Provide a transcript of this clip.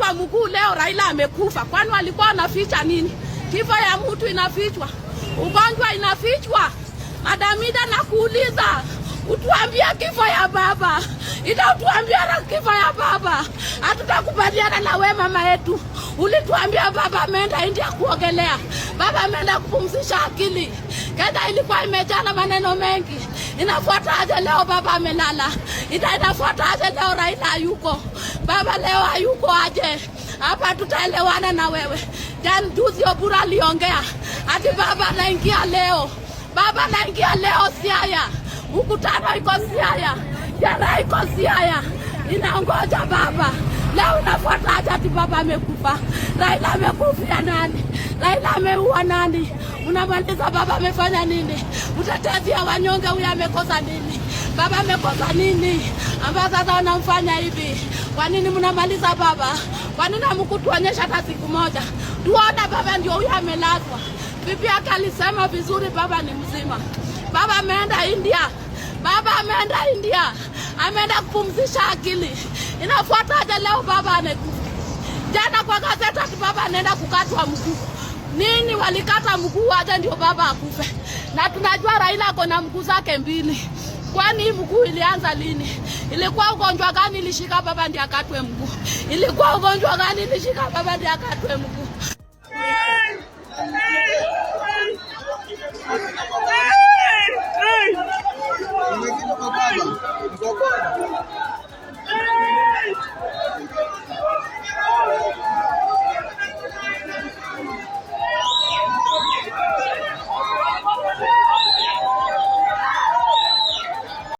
hapa mguu leo Raila amekufa, kwani walikuwa wanaficha nini? Kifo ya mtu inafichwa, ugonjwa inafichwa. Madamida, nakuuliza utuambia kifo ya baba, itautuambia na kifo ya baba. Hatutakubaliana na we mama yetu, ulituambia baba ameenda India kuogelea, baba ameenda kupumzisha akili. kenda ilikuwa imejana maneno mengi, inafuata aje leo baba amelala itafuata aje? Leo Raila hayuko, baba leo hayuko aje? Hapa tutaelewana na wewe. Jan juzi Obura aliongea ati baba anaingia leo, baba anaingia leo Siaya, mkutano iko Siaya, jana iko Siaya, inaongoja baba leo unafuata aje? Ati baba amekufa? Raila amekufia nani? Raila ameua nani? Unamaliza baba amefanya nini? Mtetezi ya wanyonge huyo amekosa nini? baba amekosa nini ambayo sasa wanamfanya hivi? Kwa nini mnamaliza baba? Kwa nini hamkutuonyesha hata siku moja tuona baba? Ndio huyo amelazwa. Bibi yake alisema vizuri, baba ni mzima. Baba ameenda India, baba ameenda India, ameenda kupumzisha akili. Inafuataje leo baba anekufa? Jana kwa gazeta tu baba anaenda kukatwa mguu. Nini walikata mguu aje ndio baba akufe? Na tunajua Raila ako na mguu zake mbili. Kwani hii mguu ilianza lini? Ilikuwa ugonjwa gani ilishika baba ndiye akatwe mguu? Ilikuwa ugonjwa gani ilishika baba ndiye akatwe mguu?